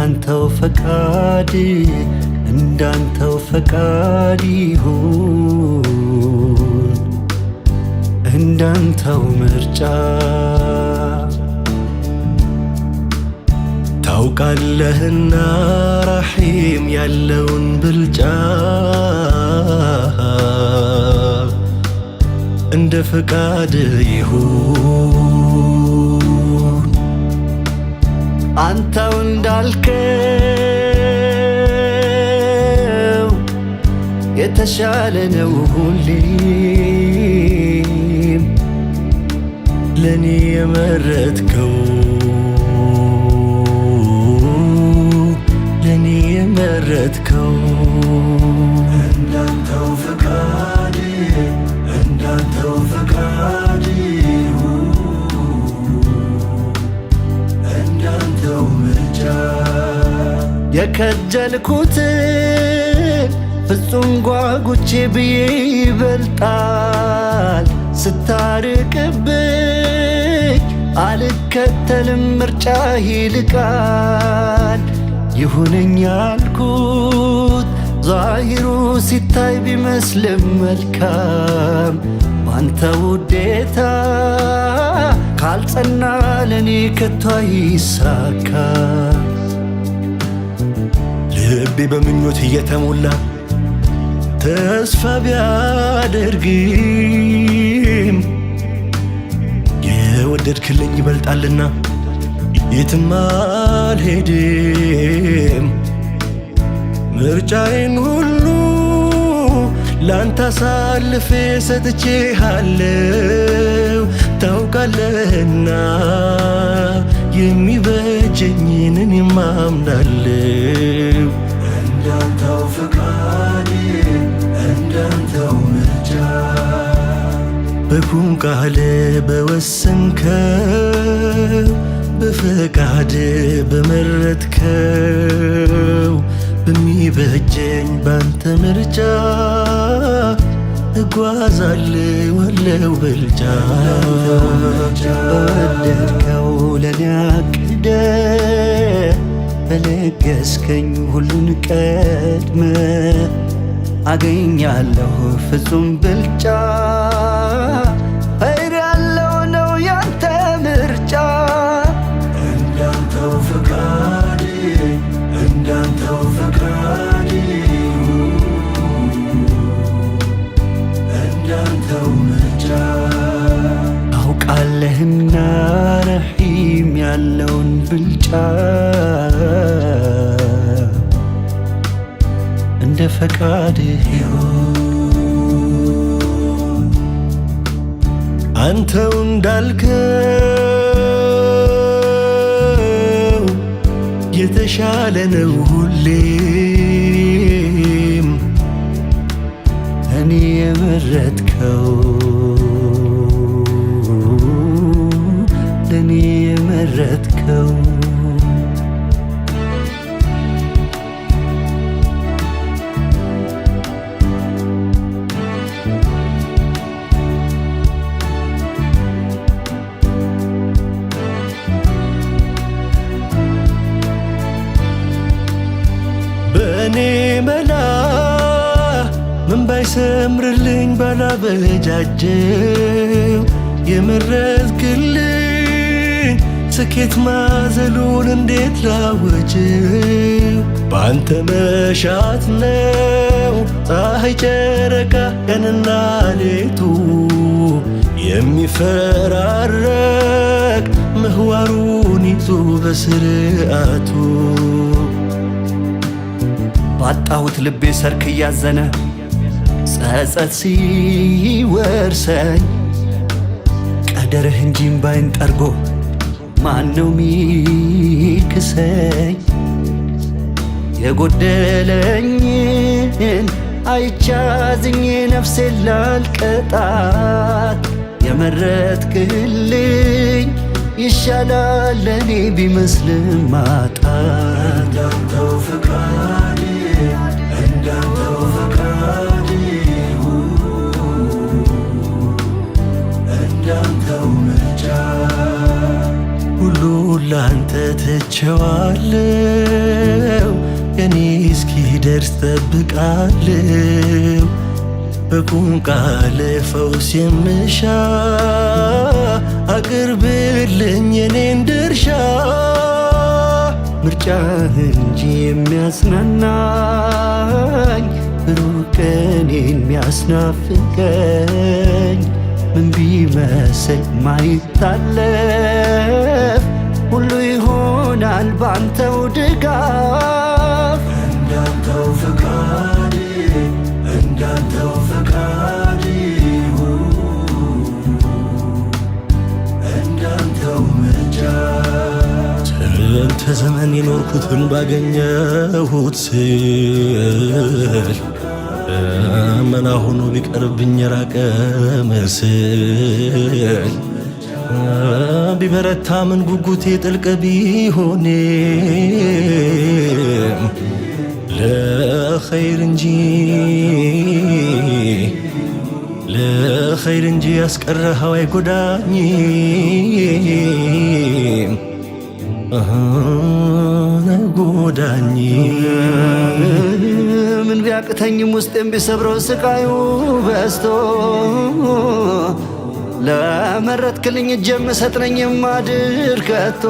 እንዳንተው ፈቃድ እንዳንተው ፈቃድ ይሁን እንዳንተው ምርጫ ታውቃለህና ራሒም ያለውን ብልጫ እንደ ፈቃድ ይሁን أنت وندالك يتشعل نوهولي لني مرت كون لني مرت كون የከጀልኩትን ፍጹም ጓጉቼ ብዬ ይበልጣል ስታርቅብኝ አልከተልም ምርጫ ይልቃል ይሁንኝ ያልኩት ዛሂሩ ሲታይ ቢመስልም መልካም ባንተ ውዴታ ካልጸና ለእኔ ከቷ ይሳካ ልቤ በምኞት እየተሞላ ተስፋ ቢያደርግም የወደድክልኝ ይበልጣልና የትም አልሄድም። ምርጫዬን ሁሉ ላንተ አሳልፌ ሰጥቼሃለው ታውቃለህና የሚበጀኝንን የማምናለው እንዳንተው ፈቃድ እንዳንተው ምርጫ በኩን ቃል በወሰንከ በፈቃድ በመረጥከው በሚበጀኝ ባንተ ምርጫ እጓዛለሁ ብልጫ ወደድከው ለኔ አቅደ በለገስከኝ ሁሉን ቀድመ አገኛለሁ ፍጹም ብልጫ ኃይል ያለው ነው ያንተ ምርጫ እንዳንተው ፈቃድ እንዳንተው ፈቃድ እንዳንተው ምርጫ ታውቃለህና ረሒም ያለውን ብልጫ ፈቃድህ ይሁን አንተው እንዳልከው የተሻለ ነው ሁሌም እኔ የመረጥከው የኔ መላ ምን ባይሰምርልኝ ባላበጃጀው የመረጥክልኝ ስኬት ማዘሉን እንዴት ላወጅ በአንተ መሻት ነው ፀሐይ ጨረቃ ቀንና ሌቱ የሚፈራረቅ ምህዋሩን ይዞ በስርዓቱ ባጣሁት ልቤ ሰርክ እያዘነ ጸጸት ሲወርሰኝ ቀደርህ እንጂ ባይን ጠርጎ ማን ነው ሚክሰኝ? የጎደለኝን አይቻዝኝ ነፍሴ ላልቀጣት የመረትክልኝ ይሻላል ለኔ ቢመስልም ማጣት እንዳንተው እንዳንተው ሁሉ ላንተ ተቸዋለው የኔ እስኪደርስ ጠብቃለሁ የደበቁን ቃለ ፈውስ የምሻ አቅርብልኝ የኔን ድርሻ ምርጫ እንጂ የሚያጽናናኝ ብሩህ ቀን የሚያስናፍቀኝ ምን ቢመስል ማይታለፍ ሁሉ ይሆናል ባንተው ድጋፍ እንዳንተው ፍቃድ ከዘመን የኖርኩትን ባገኘሁት ስል መና ሆኖ ቢቀርብኝ የራቀ መስል ቢበረታ ምን ጉጉቴ ጥልቅ ቢሆን ለኸይር እንጂ በኸይር እንጂ ያስቀረኸው አይጎዳኝም አይጎዳኝ ምን ቢያቅተኝም ውስጤም ቢሰብረው ስቃዩ በስቶ ለመረጥክልኝ እጅ የምሰጥነኝ የማድር ከቶ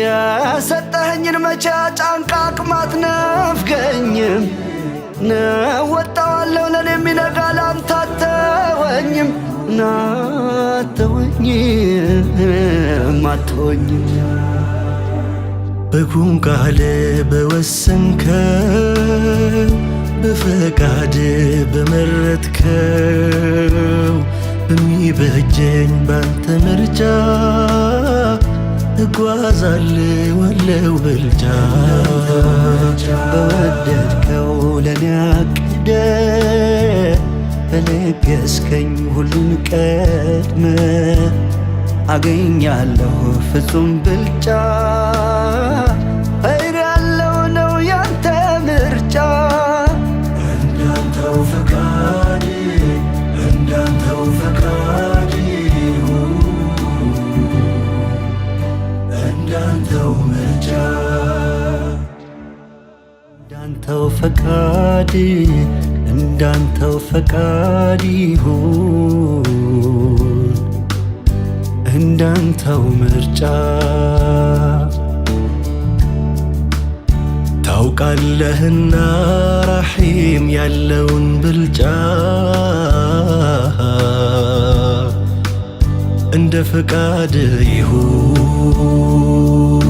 የሰጠኸኝን መቻ ጫንቃ አቅማት ነፍገኝም ነወጣዋለሁ ለኔ የሚነጋ ላንታ አትተወኝም ናተወኝ ማተወኝ በጉን ቃል በወሰንከ በፈቃድ በመረጥከው በሚበጀኝ ባንተ ምርጫ እጓዛለሁ ወለው ብልጫ በወደድከው ለኔ አቅደ የስከኝ ሁሉን ቀድመ አገኛለሁ ፍጹም ብልጫ ኸይር ያለው ነው ያንተ ምርጫ እንዳንተው ፈቃድ እንዳንተው ፈቃድ እንዳንተው ምርጫ እንዳንተው ፈቃድ እንዳንተው ፈቃድ ይሁን እንዳንተው ምርጫ ታውቃለህና ራሒም ያለውን ብልጫ እንደ ፈቃድ ይሁን